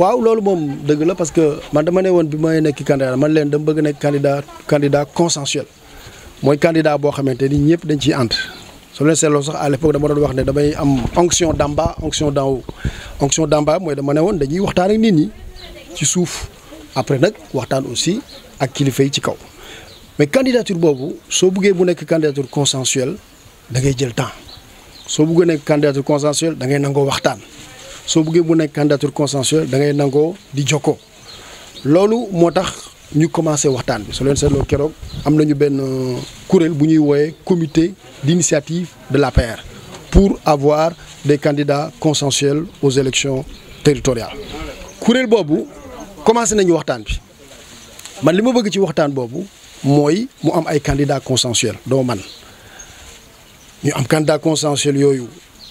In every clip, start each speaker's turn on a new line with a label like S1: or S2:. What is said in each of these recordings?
S1: waaw loolu moom dëgg la parce que man dama ne woon bi may nekk candidat man leen dama bëgg nekk candidat candidat consensuel mooy candidat boo xamante ni ñëpp dañ ciy ànd soo leen seetloo sax à l'époque dama doon wax ne damay am onction d'en bas onction d'en haut onction d'en bas mooy dama ne woon dañuy waxtaan ak nit ñi ci suuf après nag waxtaan aussi ak kilifa yi ci kaw mais candidature boobu soo buggee mu nekk candidature consensuel da ngay jël temps soo buggee nekk candidature consensuel da ngay nangoo waxtaan si vous avez une candidature consensuelle vous avez une di Joko. loolu moo nous ñu commencé waxtan bi su à seetloo nous am nañu ben kuréel bu ñuy woyé comité d'initiative de la l'APR pour avoir des candidats consensuels aux élections territoriales courriel bobu commencé nañu waxtan bi man limu bëgg ci waxtan bobu moy mu am ay candidats consensuels Il man ñu am candidats consensuels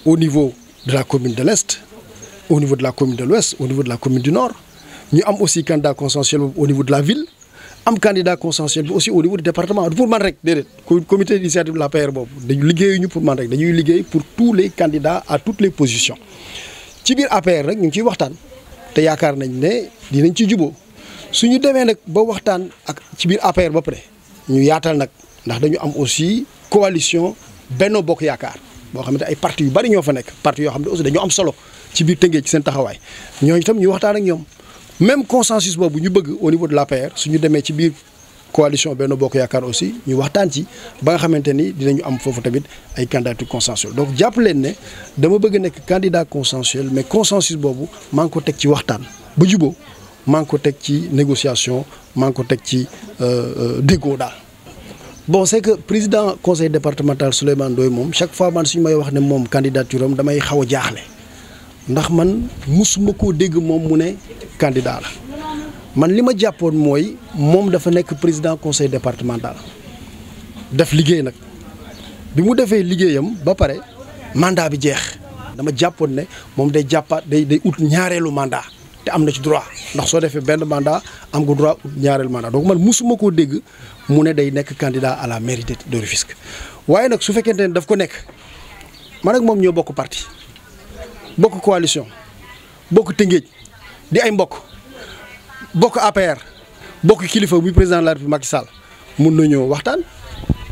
S1: au niveau de la commune de l'Est au niveau de la commune de l'Ouest, au niveau de la commune du Nord. Nous avons aussi candidat consensuel au niveau de la ville. am candidat consensuel aussi au niveau du département pour man rek comité d'initiative de la PR boobu dañu liggéeyuñu pour man rek dañuy pour tous les candidats à toutes les positions ci biir APR nag ñu ngi ciy waxtaan te yaakaar nañ ne dinañ ci juboo suñu demee nag ba waxtaan ak ci biir APR ba pare ñu yaatal aussi coalition Benno Bokk Yaakaar boo des partis, qui yu bari partis fa parti partis qui aussi partis am solo ci partis ci des partis qui même consensus ñu au niveau de l'APR suñu ci la coalition Benno Bokk Yaakaar aussi ñu waxtaan ci ba nga xamanteni dinañu am à tamit ay donc leen ne dama bëgg nek candidat consensuel mais consensus bobu man ko tek ci waxtaan ba ko négociation man ko bon c' que président conseil départemental Souleymane Ndoye moom chaque fois man suñu may wax ne moom candidature am damay xaw a jaaxle ndax man musuma koo dégg moom mu ne candidat la man li ma jàppoon mooy moom dafa nekk président conseil départemental def liggéey nag bi mu defee liggéeyam ba pare mandat bi jeex dama jàppoon ne moom day jàppaat day day ut ñaareelu mandat te am na ci droit ndax soo defee benn mandat am nga droit ñaareel mandat donc man musuma koo dégg mu ne day nekk candidat à la mairie de Rufisque waaye nag su fekkente ne daf ko nekk man ak moom ñoo bokk parti bokk coalition bokk Tëngéej di ay mbokk bokk APR bokk kilifa bu président de la République Macky Sall mun na nañoo waxtaan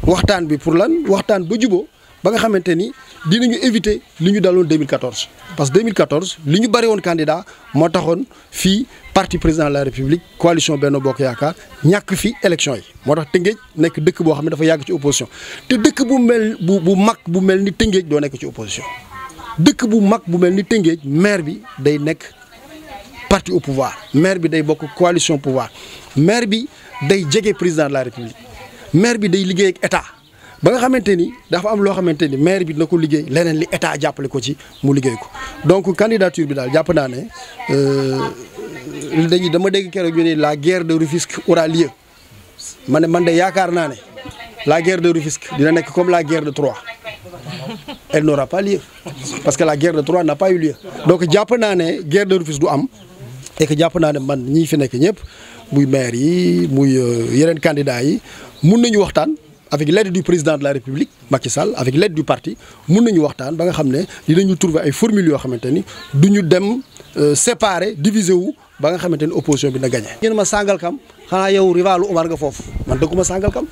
S1: waxtaan bi pour lan waxtaan ba jubo ba nga xamante ni dinañu éviter li ñu daloon 2014 parce que 2014 li ñu bari woon candidat moo taxoon fii parti président de la république coalition Benno Bokk Yaakaar ñàkk fi élection yi moo tax Tëngéej nekk dëkk boo xam ne dafa yàgg ci opposition te dëkk bu mel bu bu mag bu mel ni Tëngéej doo nekk ci opposition dëkk bu mag bu mel ni Tëngéej maire bi day nekk parti au pouvoir maire bi day bokk coalition pouvoir maire bi day jege président de la république maire bi day liggéey ak état ba nga xamante ni dafa am loo xamante ni maire bi dina ko liggéey leneen li état jàppale ko ci mu liggéey ko donc candidature bi daal jàpp naa ne euh, dañuy dama dégg keroog ñu ne la guerre de Rufisque aura lieu ma ne man de yaakaar naa ne la guerre de Rufisque dina nekk comme la guerre de Troie elle n'aura pas lieu parce que la guerre de Troie n'a pas eu lieu donc jàpp naa ne guerre de Rufisque du am et jàpp naa ne man ñii fi nekk ñëpp muy maire yi muy euh, yeneen candidats yi mun nañu waxtaan. avec l'aide du président de la république Macky Sall avec l'aide du parti mun nañu waxtaan ba nga xam dinañu trouver ay formule yo xamanteni duñu dem euh, séparer diviser wu ba nga xamanteni opposition bi na gagné. ngeen ma sàngal kam xanaa yow rivalu Omar nga foofu man dëkkuma sàngal kam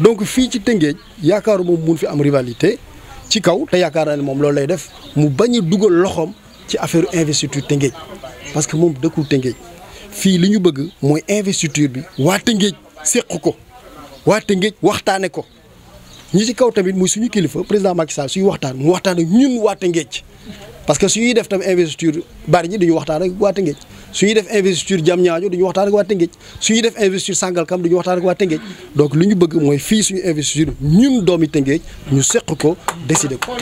S1: donc fi ci Tëngéej yaakaaru mom mun fi am rivalité ci kaw te yaakaar naa ne moom def mu bañ duggal loxom ci affaire investiture Tëngéej parce que mom dëkkul Tëngéej Fi liñu bëgg moy investiture bi wa Tëngéej séq ko. waa Tëngéej waxtaane ko ñi ci kaw tamit muy suñu kilifa président Macky Sall suy waxtaan mu waxtaan ak ñun waa Tëngéej parce que suñuy def tam investiture bari ñi ñu waxtaan ak waa Tëngéej suñuy def investiture Diamniadio ñu waxtaan ak waa Tëngéej suñuy def investiture Sangalkam ñu waxtaan ak waa Tëngéej donc lu ñu bëgg mooy fii suñu investiture ñun doomi Tëngéej ñu seq ko décider ko